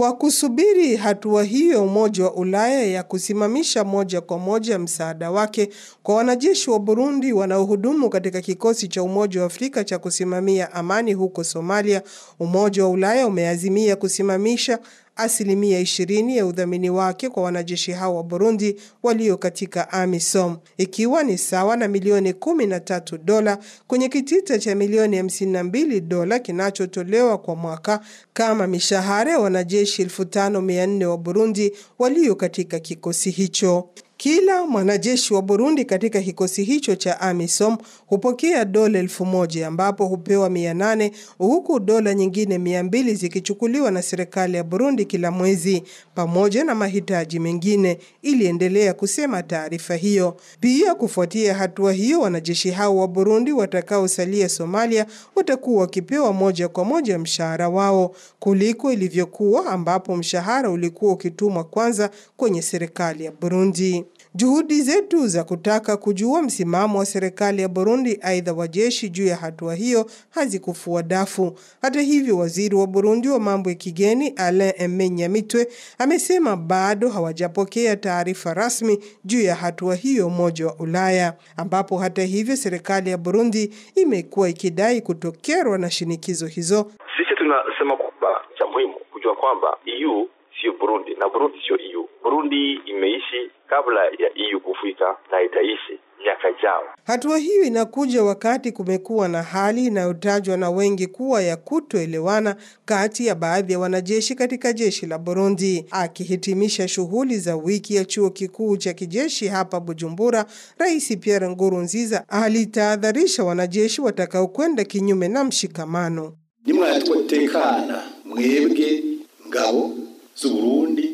Kwa kusubiri hatua hiyo Umoja wa Ulaya ya kusimamisha moja kwa moja msaada wake kwa wanajeshi wa Burundi wanaohudumu katika kikosi cha Umoja wa Afrika cha kusimamia amani huko Somalia, Umoja wa Ulaya umeazimia kusimamisha asilimia 20 ya udhamini wake kwa wanajeshi hao wa Burundi walio katika AMISOM, ikiwa ni sawa na milioni 13 dola kwenye kitita cha milioni 52 dola kinachotolewa kwa mwaka kama mishahara ya wanajeshi 5400 wa Burundi walio katika kikosi hicho. Kila mwanajeshi wa Burundi katika kikosi hicho cha AMISOM hupokea dola elfu moja ambapo hupewa mia nane huku dola nyingine mia mbili zikichukuliwa na serikali ya Burundi kila mwezi pamoja na mahitaji mengine, iliendelea kusema taarifa hiyo. Pia kufuatia hatua hiyo, wanajeshi hao wa Burundi watakaosalia Somalia watakuwa wakipewa moja kwa moja mshahara wao kuliko ilivyokuwa ambapo mshahara ulikuwa ukitumwa kwanza kwenye serikali ya Burundi. Juhudi zetu za kutaka kujua msimamo wa serikali ya Burundi, aidha wa jeshi juu ya hatua hiyo hazikufua dafu. Hata hivyo, waziri wa Burundi wa mambo ya kigeni Alain Aime Nyamitwe amesema bado hawajapokea taarifa rasmi juu ya hatua hiyo Umoja wa Ulaya, ambapo hata hivyo serikali ya Burundi imekuwa ikidai kutokerwa na shinikizo hizo. Sisi tunasema kwamba cha muhimu kujua kwamba EU sio Burundi na Burundi sio EU. Burundi imeishi kabla ya EU kufika na itaishi miaka ijayo. Hatua hiyo inakuja wakati kumekuwa na hali inayotajwa na wengi kuwa ya kutoelewana kati ya baadhi ya wanajeshi katika jeshi la Burundi. Akihitimisha shughuli za wiki ya chuo kikuu cha kijeshi hapa Bujumbura, Rais Pierre Nkurunziza alitahadharisha wanajeshi watakaokwenda kinyume na mshikamano. Nimwatekana mwebwe ngabo z'Uburundi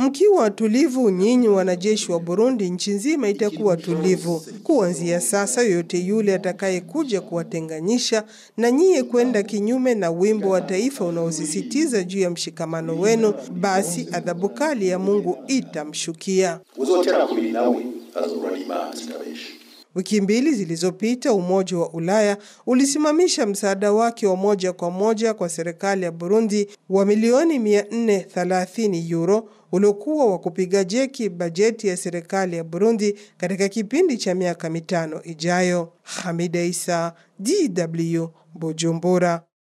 Mkiwa tulivu nyinyi wanajeshi wa Burundi, nchi nzima itakuwa tulivu. Kuanzia sasa, yoyote yule atakayekuja kuwatenganisha na nyiye kwenda kinyume na wimbo wa taifa unaosisitiza juu ya mshikamano wenu, basi adhabu kali ya Mungu itamshukia. Wiki mbili zilizopita Umoja wa Ulaya ulisimamisha msaada wake wa moja kwa moja kwa serikali ya Burundi wa milioni 430 euro uliokuwa wa kupiga jeki bajeti ya serikali ya Burundi katika kipindi cha miaka mitano ijayo. Hamida Isa, DW, Bujumbura.